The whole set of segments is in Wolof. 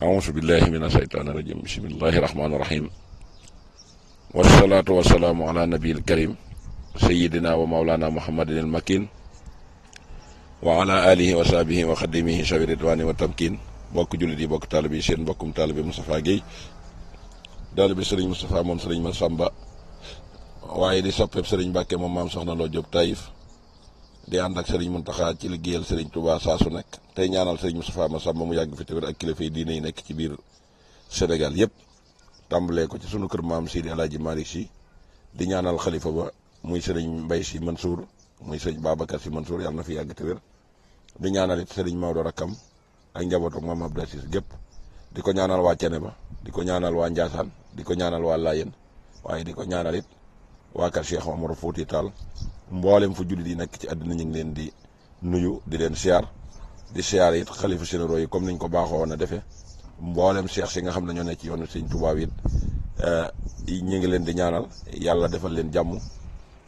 auzu billahi min asheytaani rajim bismillahi rahmaani rahim wasalaatu wasalaamu ala nabiil karim sayidina wa maulana muhammadin al makin wa ala alihi wa sahbihi wa xadimihi sawi ridwani wa tamkin bokk jullit yi bokk taalibe yi seen mbokkum taalibe Moustapha Guèye taalibe sëriñ Moustapha moom sëriñ Massamba waaye di soppeeb sëriñ Mbàkke moom maam soxna loo Jóob Taïf di ànd ak Serigne Mountakha ci liggéeyal Serigne Touba saa su nekk tey ñaanal Serigne Moustapha Massamba mu yàgg fi te wér ak kilifa yi diine yi nekk ci biir Sénégal yëpp tàmbalee ko ci sunu kër maam Sidi El Hadj Malick si di ñaanal xalifa ba muy Serigne Mbaye Sy Mansour muy sëñ Babacar Sy Mansour yàlla na fi yàgg te wér di ñaanal it Serigne Maodo Rakam ak njabootu ak maam Abdou gépp di ko ñaanal waa Ceneba di ko ñaanal waa Ndiassane di ko ñaanal waa Layène waaye di ko ñaanal it waa kër Cheikh Omar Fouti mboolem fu jullit yi nag ci àddina ñu ngi leen di nuyu di leen siyaar di siyaar it xalifa généraux yi comme ni ñu ko baaxoo woon a defee mboolem cheikh si nga xam ne ñoo nekk ci yoonu sëñ Tuubaa it eh, ñu ngi leen di ñaanal yàlla defal leen jàmm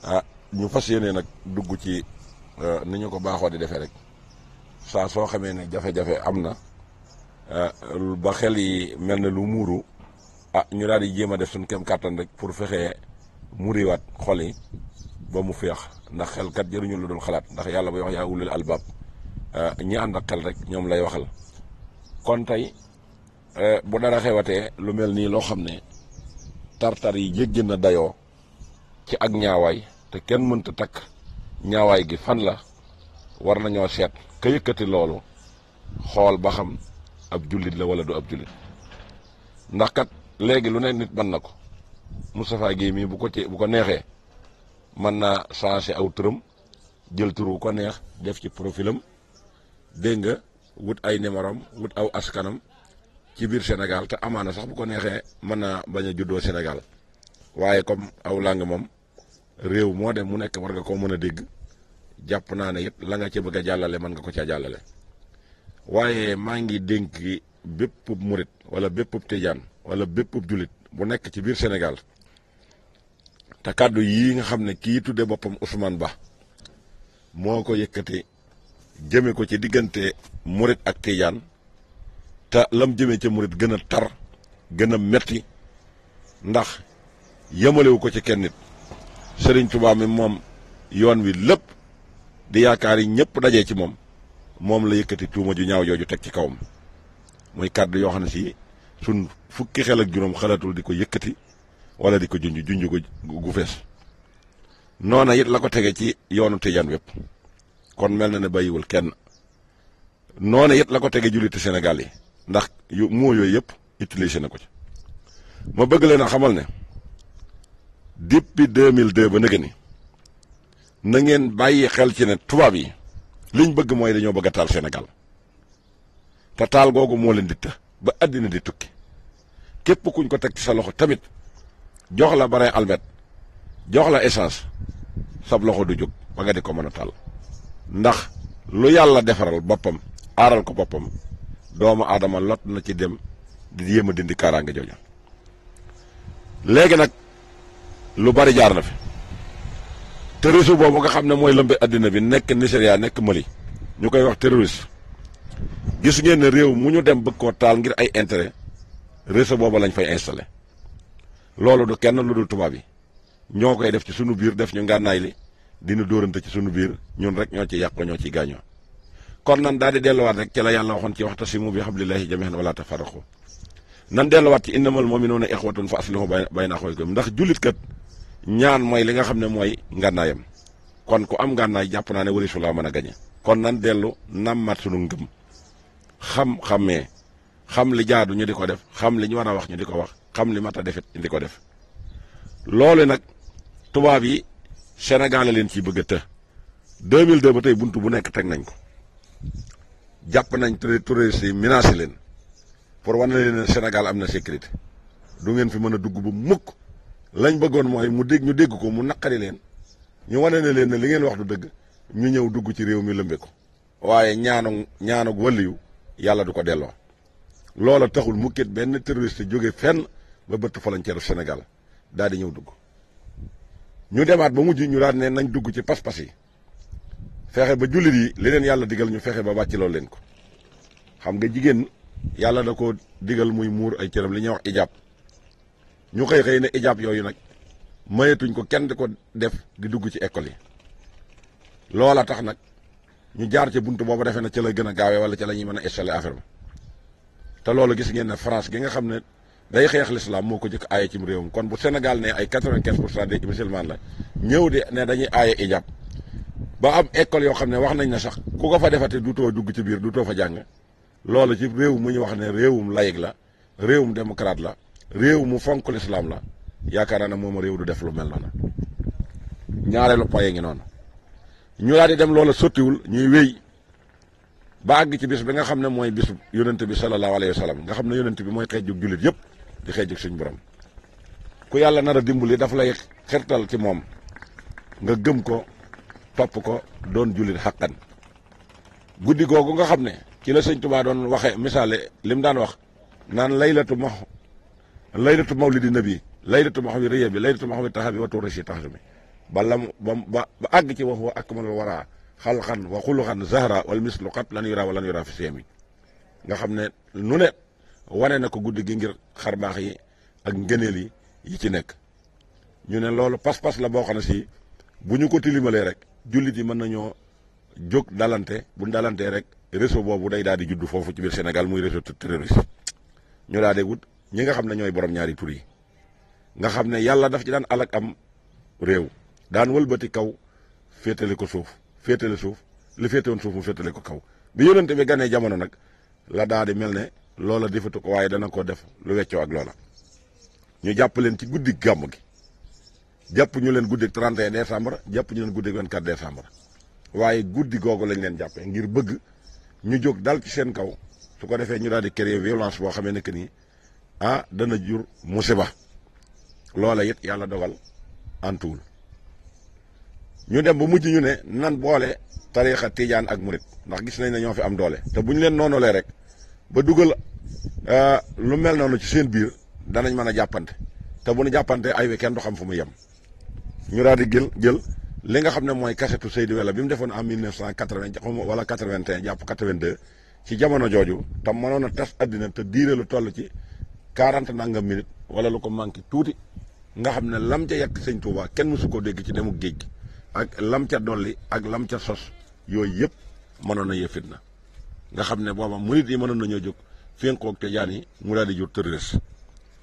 ah ñu fas yéene nag dugg ci eh, ni ñu ko baaxoo di defee rek saa soo xamee ne jafe-jafe am na eh, ba xel yi mel na lu muuru a ah, ñu daal di jéem a def suñu kem kàttan rek pour fexe muriwaat xol yi. ba mu feex ndax xel kat jëriñu lu dul xalaat ndax yàlla bay wax yaa ulul albaab ah, ñi ànd ak xel rek ñoom lay waxal kon tey eh, bu dara xewatee lu mel nii loo xam ne tartar yi jéggi na dayoo ci ak ñaawaay te kenn mënta takk ñaawaay gi fan la war nañoo seet ka yëkkati loolu xool ba xam ab jullit la wala du ab jullit ndax kat léegi lu ne nit man na ko Moustapha gi mii bu ko ci bu ko neexee man naa chance aw turam jël ko neex def ci profilam dégg nga wut ay numérom wut aw askanam ci biir Sénégal te amaana sax bu ko neexee mën naa bañ a juddoo Sénégal waaye comme aw làng moom réew moo dem mu nekk war nga ko mën a dégg jàpp naa ne it la nga ca bëgg a jàllale man nga ko caa jàllale waaye maa ngi dénk bépp murit wala bépp tijaan wala bépp jullit bu nekk ci biir Sénégal te kàddu yii nga xam ne kii tuddee boppam Ousmane Ba moo ko yëkkati jëme ko ci diggante murit ak tijaan te lam jëmee ci murit gën a tar gën a metti ndax yëmalewu ko ci kenn nit Sëriñ Tuubaa mi moom yoon wi lépp di yaakaar yi ñëpp dajee ci moom moom la yëkkati tuuma ju ñaaw jooju teg ci kawam muy kàddu yoo xam ne si suñ fukki xel ak juróom xalaatul di ko yëkkati wala di ko junj junj ko gu fees noona it la ko tege ci yoonu tijaan wépp kon mel na ne bàyyiwul kenn noone it la ko tege jullite Sénégal yi ndax yu moo yooyu yëpp utilisé na ko ci ma bëgg leen a xamal ne depuis 2002 ba nëgë ni na ngeen bàyyi xel ci ne tubaab yi liñ bëgg mooy dañoo bëgg a taal senegal te taal googu moo leen di të ba àddina di tukki képp kuñ ko teg ci sa loxo tamit jox la bare albet jox la essence sab loxo du jóg ba nga di ko mën a tàll ndax lu yàlla defaral boppam aaral ko boppam doomu aadama lot na ci dem di yéem a dindi kaaraange jooja léegi nag lu bari jaar na fi terrorisme boobu nga xam ne mooy lëmbe àddina bi nekk Nigéria nekk Mali ñu koy wax terroriste gis ngeen ne réew mu ñu dem bëgg koo taal ngir ay intérêt réseau boobu lañ fay installé loolu du kenn lu dul tubaab yi ñoo koy def ci sunu biir def ñu ngànnaay li dina dóorante ci sunu biir ñun rek ñoo ci yàq yàqoo ñoo ci gaañoo kon nan daal di delluwaat rek ci la yàlla waxoon ci waxtasimu bi hablillahi jami'an wala tafarraqu nan delluwaat ci innamal mu'minuna ikhwatun fa aslihu bayna akhawaykum ndax jullit kat ñaan mooy li nga xam ne mooy ngànnaayam kon ku am ngànnaay jàpp naa ne warisu laa mën a gañe kon nan dellu nammat sunu ngëm xam-xamee xam li jaadu ñu di ko def xam li ñu war a wax ñu di ko wax xam li mat a defit indi ko def loolu nag tubaab yi Sénégal la leen ciy bëgg a të 2002 ba tey bunt bu nekk teg nañ ko jàpp nañ terroristes yi menacé leen pour wane leen ne am na sécurité du ngeen fi mën a dugg bu mukk lañ bëggoon mooy mu dégg ñu dégg ko mu naqari leen ñu wane ne leen ne li ngeen wax du dëgg ñu ñëw dugg ci réew mi lëmbe ko waaye ñaanu ñaanu waliyu yàlla du ko delloo loola taxul mukkit benn terroriste jóge fenn ba bëtt frontière Sénégal daal di ñëw dugg ñu demaat ba mujj ñu daal ne nañ dugg ci pas-pas yi fexe ba jullit yi li leen yàlla digal ñu fexe ba wàcc loolu leen ko xam nga jigéen yàlla da ko digal muy muur ay cëram li ñuy wax ijaab ñu xëy xëy ne ijaab yooyu nag mayetuñ ko kenn di ko def di dugg ci école yi loola tax nag ñu jaar ci bunt boobu defee na ca la gën a gaawee wala ci la ñuy mën a installé affaire ba te loolu gis ngeen ne France gi nga xam ne day xeex l'islam moo ko jëkk aaye ci réewam kon bu Sénégal ne ay quatre-vingt-quinze pour cent des musulmans la ñëw di ne dañuy aaye ijab ba am école yoo xam ne wax nañ na sax ku ko fa defate du too dugg ci biir du too fa jàng loolu ci réew mu ñu wax ne réewum layig la réewum démocrate la réew mu fonk l'islam la yaakaar naa ne moom réew du def lu mel noonu ñaareelu paye ngi noonu ñu daal di dem loola sottiwul ñuy wéy ba àgg ci bis bi nga xam ne mooy bisu yonent bi sallallahu alayhi wa sallam nga xam ne bi mooy xeet jug jullit yëpp di xeej ak suñu borom ku yàlla nar a dimbali daf lay xertal ci moom nga gëm ko topp ko doon jullit xàqan guddi googu nga xam ne kii la sëñ Tuubaa doon waxe misaale li mu daan wax naan laylatu ma laylatu mawlidi nabi laylatu ma xawi rëya bi laylatu ma xawi taxa bi watu rësi tax bi ba lam ba ba àgg ci wax wa akmalul wara xalxan wa xuluxan zahra wal mislu xat lan yura wala lan yura fi seem yi nga xam ne nu ne wane na ko guddi gi ngir xar baax yi ak ngëneel yi yi ci nekk ñu ne loolu pas-pas la boo xam ne si bu ñu ko tilimalee rek jullit yi mën nañoo jóg dalante bu ñu dalantee rek réseau boobu day daal di juddu foofu ci biir Sénégal muy réseau terroriste ñu daal di wut ñi nga xam ne ñooy borom ñaari tur nga xam ne yàlla daf ci daan alak am réew daan walbati kaw féetale ko suuf féetale suuf li féetewoon suuf mu féetale ko kaw bi yónnante bi ganee jamono nag la daal loola defatu ko waaye dana ko def lu weccoo ak loola ñu jàpp leen ci guddi gàmm gi jàpp ñu leen guddi 31 décembre jàpp ñu leen guddi 24 décembre waaye guddi googu lañ leen jàppee ngir bëgg ñu jóg dal ci seen kaw su ko defee ñu daal di créer violence boo xamee ne que ni ah dana jur musiba loola it yàlla dogal antuwul ñu dem ba mujj ñu ne nan boole tariixa tijaan ak murit ndax gis nañ ne ñoo fi am doole te bu ñu leen noonulee rek. ba dugal euh, lu mel noonu ci seen biir danañ mën a jàppante te bu nu jàppante ay wi kenn du xam fu mu yem ñu daal di jël jël li nga xam ne mooy kasetu Seydou Wella bi mu defoon en 1980 wala 81 jàpp 82 ci jamono jooju te mënoon a tas àddina te diire lu toll ci 40 nangam minutes wala lu ko manqué tuuti nga xam ne lam ca yàq sëñ Touba kenn mësu ko dégg ci demu géej gi ak lam ca dolli ak lam ca sos yooyu yëpp mënoon a yëfit fitna nga xam ne booba murit yi mënoon nañoo jóg fénkoog te jaan yi mu daal di jur terroriste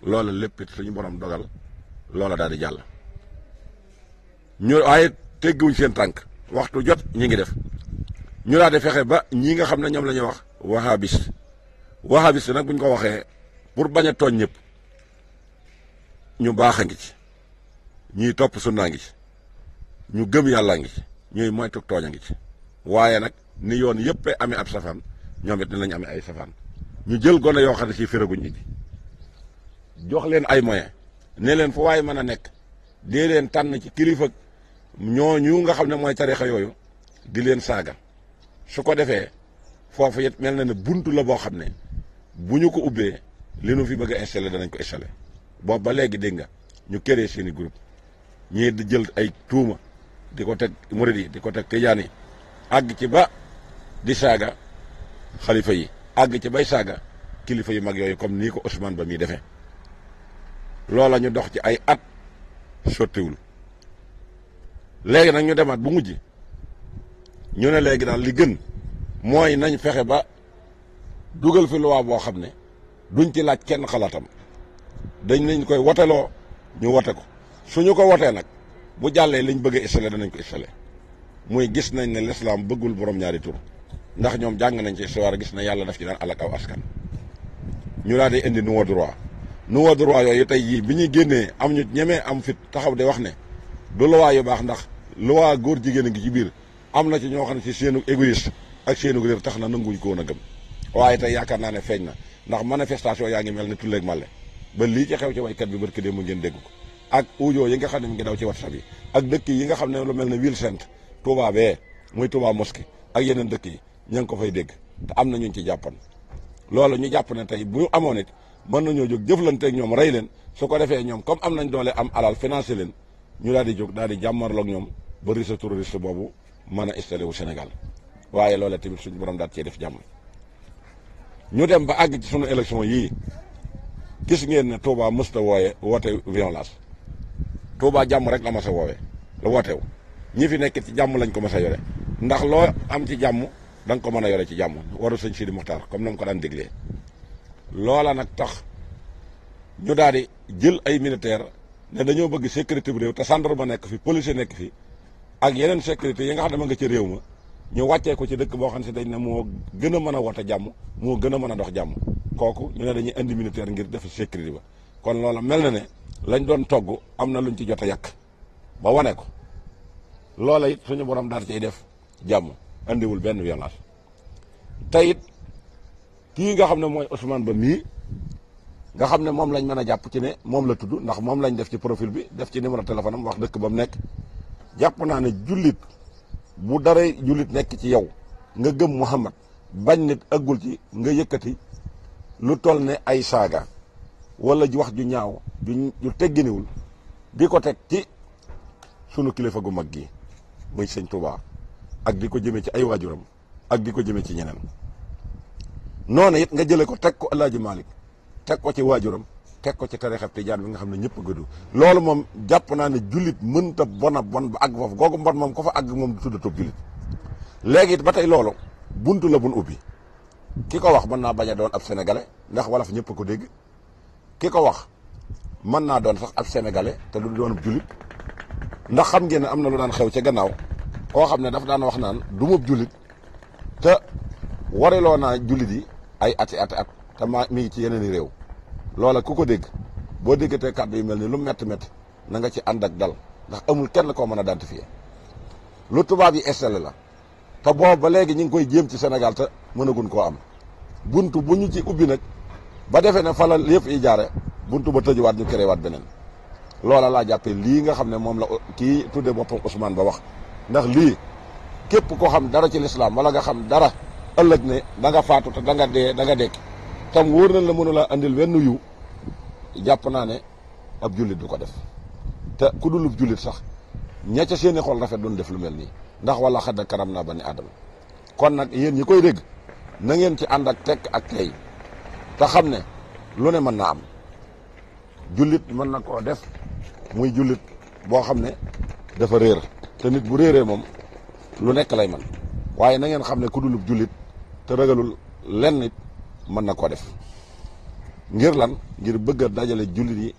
loola lépp it suñu borom dogal loola daal di jàll. ñu waaye tegguwuñ seen tànk waxtu jot ñu ngi def ñu daal di fexe ba ñii nga xam ne ñoom lañu la ñuy wax wahabis wahabis nag buñ ko waxee pour bañ a tooñ ñëpp ñu baax a ngi ci ñuy topp sunnaa ngi ci ñu gëm yàlla ngi ci ñuy moytu tooñ a ngi ci waaye nag ni yoon yëpp amee ab safaan ñoom it dinañ amee ay safaan ñu jël gone yoo xam ne si firaguñ it jox leen ay moyen ne leen fu waaye mën a nekk dee leen tànn ci kilifa ñooñu nga xam ne mooy tarixa yooyu di leen saaga su ko defee foofu it mel na ne bunt la boo xam ne bu ñu ko ubbee li nu fi bëgg a installé danañ ko installé boobu ba léegi dégg nga ñu këree seen i groupe di jël ay tuuma di ko teg murid di ko teg tijaan yi àgg ci ba di saaga xalifa yi àgg ci bay saaga kilifa yu mag yooyu comme nii ko Ousmane ba muy defee loola ñu dox ci ay at sottiwul léegi nag ñu demaat bu mujj ñu ne léegi daal li gën mooy nañ fexe ba dugal fi luwaa boo xam ne duñ ci laaj kenn xalaatam dañ nañ koy woteloo ñu wote ko suñu ko wotee nag bu jàllee liñ bëgg a installé danañ ko installé muy gis nañ ne lislaam bëggul borom ñaari tur ndax ñoom jàng nañ ci histoire gis na yàlla daf ci daan alak aw askan ñu daal di indi nouveau droit nouveau droit yooyu tey jii bi ñuy génnee am ñu ñemee am fit taxaw de wax ne du loi yu baax ndax loi góor jigéen a ngi ci biir am na ci ñoo xam ne ci seenu égoïste ak seenu réer tax na nanguñ ko woon a gëm waaye tey yaakaar naa ne feeñ na ndax manifestation yaa ngi mel ne tulleeg màlle ba lii ci xew ci waykat bi barki démb ngeen dégg ko ak audio yi nga xam ne mu ngi daw ci whatsapp yi ak dëkk yi nga xam ne lu mel ne Ville Sainte Touba bee muy ak yeneen dëkk yi ña ngi ko fay dégg te am na ñu ci jàppoon loolu ñu jàpp ne tey bu ñu amoon mën nañoo jóg jëflanteeg ñoom rey leen su ko ñoom comme am nañ doole am alal financé leen ñu daal di jóg daal di jàmmarloog ñoom ba risque boobu mën a wu Sénégal waaye loolee tamit suñu borom daal cee def jàmm ñu dem ba àgg ci sunu élection yii gis ngeen ne Touba mësta wooye woote violence Touba jàmm rek la ma sa woowe la wootew ñi fi nekk ci jàmm lañ ko ma sa ndax loo am ci jàmm danga nga ko mën a yore ci jàmm waru sëñ Sidi Muxtaar comme na mu ko daan déglee loola nag tax ñu daal di jël ay militaire ne dañoo bëgg sécurité bu réew te ba nekk fi policier nekk fi ak yeneen sécurité yi nga xam ne ma nga ci réew ma ñu wàccee ko ci dëkk boo xam ne si dañ ne moo gën a mën a woote jàmm moo gën a mën a dox jàmm kooku ñu ne dañuy indi militaire ngir def sécurité ba kon loola mel na ne lañ doon togg am na luñ ci jot a yàq ba wane ko loola it borom daal cay def jàmm andiwul benn violence te it kii nga xam ne mooy Ousmane Ba mii nga xam ne moom lañ mën a jàpp ci ne moom la tudd ndax moom lañ def ci profil bi def ci numéro téléphone wax dëkk ba mu nekk jàpp naa ne jullit bu dara jullit nekk ci yow nga gëm Muhammad bañ nit ëggul ci nga yëkkati lu toll ne ay saaga walla ju wax ju ñaaw ju ju tegginiwul di ko teg ci sunu kilifa gu mag gi muy sëñ Touba. ak di ko jëmee ci ay waajuram ak di ko jëmee ci ñeneen noonu it nga jëlee ko teg ko Alaaji Malick teg ko ci waajuram teg ko ci tarixab tijaan bi nga xam ne ñëpp du loolu moom jàpp naa ne jullit mënta bona bon ba àgg foofu googu mbon moom ko fa àgg moom du tuddatub jullit léegi ba tey loolu buntu la bun ubbi ki ko wax mën naa bañ a doon ab sénégalais ndax wolof ñëpp ko dégg ki ko wax mën naa doon sax ab sénégalais te du doon ab jullit ndax xam ngeen ne am na lu daan xew ca gannaaw koo xam ne dafa daan wax naan du ma jullit te wareloo naa jullit yi ay ati ati at te ma mi ngi ci yeneen i réew loola ku ko dégg boo déggatee kàddu yu mel ni lu métti métti na nga ci ànd ak dal ndax amul kenn koo mën a identifier lu tubaab yi installé la te boobu ba léegi ñu ngi koy jéem ci Sénégal te mënagun koo am buntu bu ñu ci ubbi nag ba defee ne falal yëpp yi jaare buntu ba tëjuwaat ñu créé waat beneen loola laa jàppee lii nga xam ne moom la kii tudde boppam Ousmane ba wax ndax lii képp koo xam dara ci lislaam wala nga xam dara ëllëg ne danga nga faatu te da nga dee danga nga dekk tam wóor na la mënu indil andil wenn yu jàpp naa ne ab jullit du ko def te ku dulub jullit sax ña ca seeni xol rafet doon def lu mel nii ndax wala xadda karam naa ba ni aadama kon nag yéen ñi koy dégg na ngeen ci ànd ak tekk ak tey te xam ne lu ne mën naa am jullit mën na koo def muy jullit boo xam ne dafa réer te nit bu réeree moom lu nekk lay man waaye na ngeen xam ne ku dulub jullit te ragalul lenn nit mën na koo def ngir lan ngir bëgg a dajale jullit yi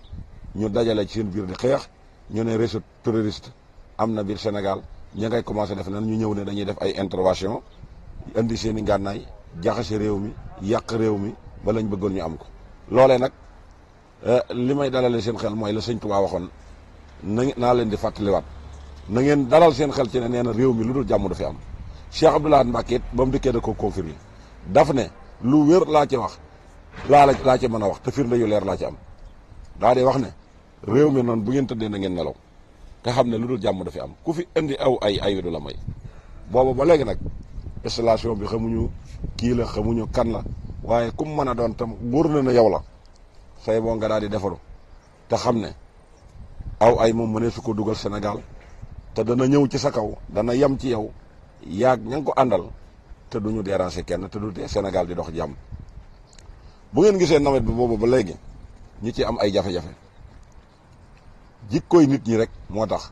ñu dajale ci seen biir di xeex ñu ne réseau terroriste am na biir Sénégal ña ngay commencé def nan ñu ñëw ne dañuy def ay intervention indi seen i ngànnaay jaxase réew mi yàq réew mi ba lañ bëggoon ñu am ko loole nag eh, li may dalale seen xel mooy la sëñ Tuubaa waxoon na naa leen di fàttaliwaat na ngeen dalal seen xel ci ne nee na réew mi lu dul jàmm du fi am Cheikh Abdoul Ahad Mbacké it ba mu dikkee da ko confirmé daf ne lu wér laa ci wax laa la laa ci mën a wax te firnde yu leer laa ci am daa dee wax ne réew mi noonu bu ngeen tëddee na ngeen nelaw te xam ne lu dul jàmm dafa am ku fi indi aw ay ay du la may booba ba léegi nag installation bi xamuñu kii la xamuñu kan la waaye ku mën a doon tam wóor na ne yow la say boo nga daal di defaru te xam ne aw ay moom mënee su ko dugal Sénégal te dana ñëw ci sa kaw dana yem ci yow yaag ña ko àndal te du ñu déranger kenn te du tee senegal di dox jàmm bu ngeen gisee nawet bi boobu ba léegi ñu ci am ay jafe-jafe jikkooy nit ñi rek moo tax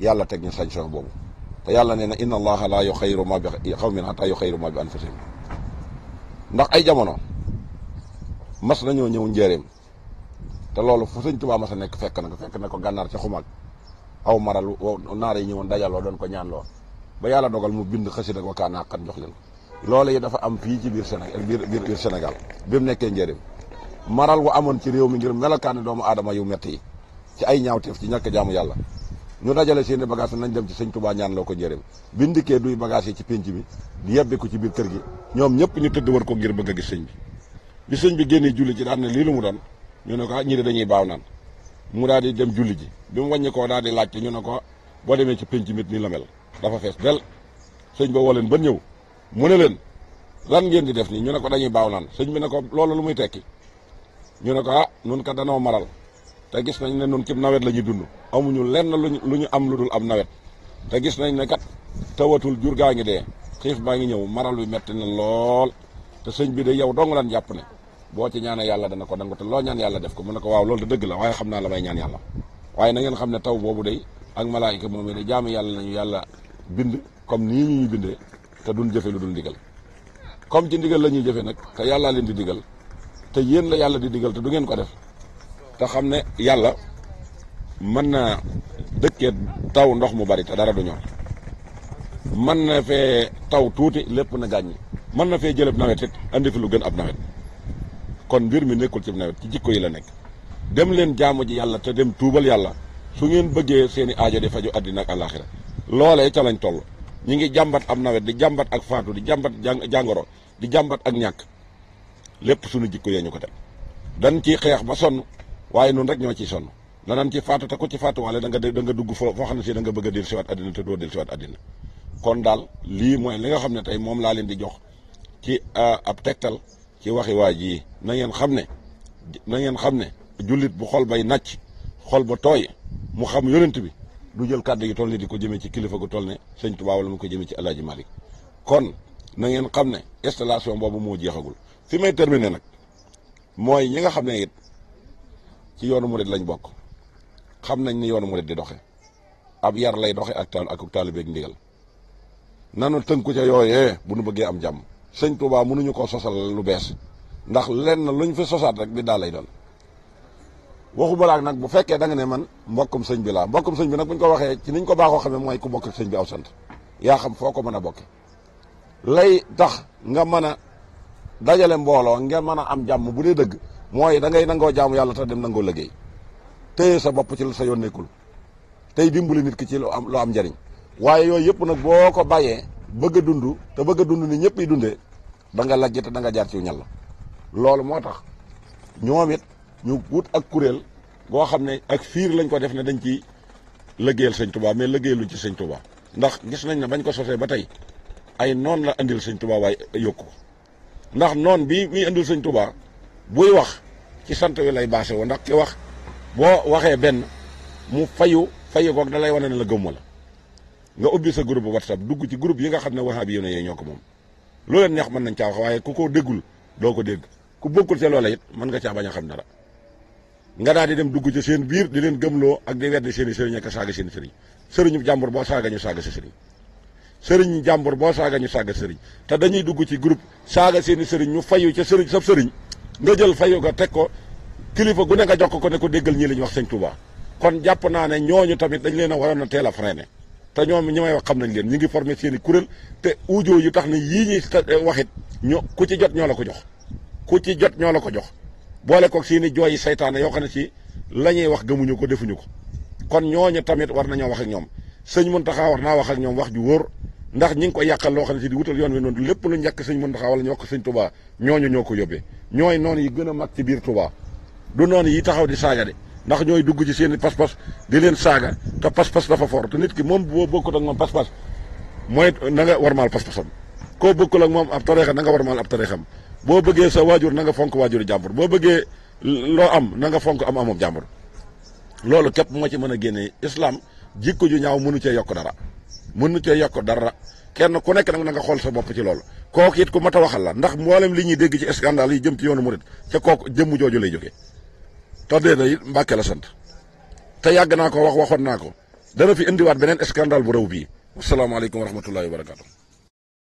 yàlla teg ñu sanction boobu te yàlla nee na inna allaha la yuxayyiru ma bi xawmin hatta yuxayyiru ma bi anfusihim ndax ay jamono mas nañoo ñëw njëreem te loolu fu sëñ Tuubaa mas a nekk fekk na fekk na ko gànnaar ca xumaag aw maral naara yi ñëwoon dajaloo doon ko ñaan loo ba yàlla dogal mu bind xasi nag wakaa naa xat jox leen ko loolu yi dafa am fii ci biir Sénégal biir biir Sénégal bi mu nekkee njëriñ maral wu amoon ci réew mi ngir melokaani doomu aadama yu metti yi ci ay ñaawteef ci ñàkk jaamu yàlla ñu dajale seeni bagage nañ dem ci sëñ Touba ñaan loo ko njëriñ bi ndikkee duy bagage yi ci pénc mi di yebbi ko ci biir kër gi ñoom ñëpp ñu tëdd war ko ngir bëgg a gis sëñ bi bi sëñ bi génnee julli ci daan ne lii lu mu doon ñu ne ko ah, ñii de dañuy baaw naan mu daal di dem julli ji bi mu wàññi koo daal di laajte ñu ne ko boo demee ci penc mit lameel dafa fees del sëñ ba woo leen ba ñëw mu ne leen lan ngeen di def nii ñu ne ko dañuy baaw naan sëñ bi ne ko loolu lu muy tekki ñu ne ko ah nun kat danoo maral te gis nañ ne nun cib nawet la ñuy dund amuñu lenn luñ lu ñu am lu dul am nawet te gis nañ ne kat tawatul jur gaa ngi dee xiif baa ngi ñëw maral bi metti na lool te sëñ bi de yow dong lan jàpp ne boo ci ñaanee yàlla dana ko danga te loo ñaan yàlla def ko mu ne ko waaw loolu de dëgg la waaye xam naa la may ñaan yàlla waaye na xam ne taw boobu day ak malaayika moom de jaamu yàlla nañu yàlla bind comme nii ñu ñu bindee te duñ jëfe lu dul ndigal comme ci ndigal la ñuy jëfe nag te yàllaa leen di digal te yéen la yàlla di digal te du ngeen ko def te xam ne yàlla mën na dëkkee taw ndox mu bari te dara du ñor mën na fee taw tuuti lépp na gàññi mën na fee jëlëb nawet it gën ab nawet kon mbir mi nekkul ci nawet ci jikko yi la nekk dem leen jaamu ji yàlla te dem tuubal yàlla su ngeen bëggee seen aajo di faju àddina ak àllaaxira loolee ca lañ toll ñu ngi jàmbat am nawet di jàmbat ak faatu di jàmbat jàngoro di jàmbat ak ñàkk lépp suñu jikko yee ñu ko teg dan ciy xeex ba sonn waaye noonu rek ñoo ci sonn danañ ci faatu te ko ci faatu wala da nga da nga dugg foo foo xam ne si da nga bëgg a del siwaat àddina te doo del kon daal lii mooy li nga xam ne tey moom laa leen di jox ci euh, ab tegtal ci waxi waa ji na ngeen xam ne na ngeen xam ne jullit bu xol bay nàcc xol ba tooy mu xam yonent bi du jël kàddu gi toll ni di ko jëmee ci kilifa gu toll ne sëñ Tuubaa wala mu ko jëmee ci Alaaji Malik kon na ngeen xam ne installation boobu moo jeexagul fi may terminer nag mooy ñi nga xam ne it ci yoonu murid lañ bokk xam nañ ni yoonu murid di doxe ab yar lay doxe ak taal ak taalibe ak ndigal nanu tënku ca yooyee bu nu bëggee am jàmm sëñ Touba mënuñu ko sosal lu bees ndax lenn luñ fi sosaat rek bi daal lay doon waxu balaak nag bu fekkee da nga ne man mbokkum sëñ bi laa mbokkum sëñ bi nag buñ ko waxee ci niñ ko baa baaxoo xamee mooy ku bokk ak sëñ bi aw sant yaa xam foo ko mën a bokke lay tax nga mën a dajale mbooloo ngeen mën a am jàmm bu dee dëgg mooy da ngay nangoo jaamu yàlla te dem nangoo liggéey téye sa bopp ci sa yoon nekkul tey dimbali nit ki ci lu am lu am njariñ waaye yooyu yëpp nag boo ko bàyyee bëgg dund te bëgg a dund ni ñëpp yi dundee da nga lajj te da nga jaar ci la loolu moo tax ñoom it ñu wut ak kuréel goo xam ne ak fiir lañ ko def ne dañ ciy lëggéeyal sëñ Touba mais lëggéeyaluñ ci sëñ Touba ndax gis nañ ne bañ ko sosee ba tey ay noon la indil sëñ Touba waaye yokku ko ndax noon bii muy indil sëñ Touba buy wax ci sant wi lay baase woo ndax ki wax boo waxee benn mu fayu fayu koog da lay wane na la gëmma la nga ubbi sa group whatsapp dugg ci groupe yi nga xam ne wahabi yi ne yee ñoo ko moom loola neex mën nañ caa waaye ku ko déggul doo ko dégg ku bokkul ca loola it mën caa bañ a xam dara nga daal di dem dugg ci seen biir di leen gëmloo ak di weddi seen i sëriñ ak saaga seen sëriñ sëriñu jàmbur boo saaga ñu saaga sa sëriñ sëriñ jàmbur boo saaga ñu saaga sëriñ te dañuy dugg ci groupe saaga seeni i sëriñ ñu fayu ca sëriñ sab sëriñ nga jël fayu ga teg ko kilifa gu ne nga jox ko ne ko déggal ñi li ñu wax sañ Touba kon jàpp naa ne ñooñu tamit dañ leen a waroon a teel a freiné te ñoom ñi may wax xam nañ leen ñu ngi formé seen i kuréel te audio yu tax ne yii ñuy eh, waxit ñoo ku ci jot ñoo la ko jox ku ci jot ñoo la ko jox boole ko seen i jooyi seytaane yoo xam ne si la ñuy wax gëmuñu ko defuñu ko kon ñooñu tamit war na ñoo wax ak ñoom sëñ mën Muntaxa war naa wax ak ñoom wax ju wóor ndax ñi ngi ko yàqal loo xam ne si di wutal yoon wi noonu lépp lu njëkk sëñ Muntaxa wala ñu wax ko sëñ Touba ñooñu ñoo ko yóbbee ñooy noonu yi gën a mag ci biir Touba du noonu yi taxaw di saagade ndax ñooy dugg ci seen i pas di leen saaga te pas-pas dafa for nit ki moom boo bokkut ak moom pas-pas mooy na nga warmaal pas-pasam koo bokkul ak moom ab tareexa na nga warmaal ab tareexam boo bëggee sa waajur na fonk waajuri jàmbur boo bëggee loo am na nga fonk am amum jàmbur loolu képp moo ci mën a génnee islam jikko ju ñaaw mënu cee yokk dara mënu cee yokk dara kenn ku nekk nag na nga xool sa bopp ci loolu kooku it ku mat a waxal la ndax li ñuy dégg ci scandale yi jëm ci yoonu murit ca kooku jooju lay jógee tardé na it Mbàkke la sant te yàgg naa ko wax waxoon naa ko dana fi indiwaat beneen scandale bu réew bii. asalaamaaleykum wa rahmatullahi wa barakaatu.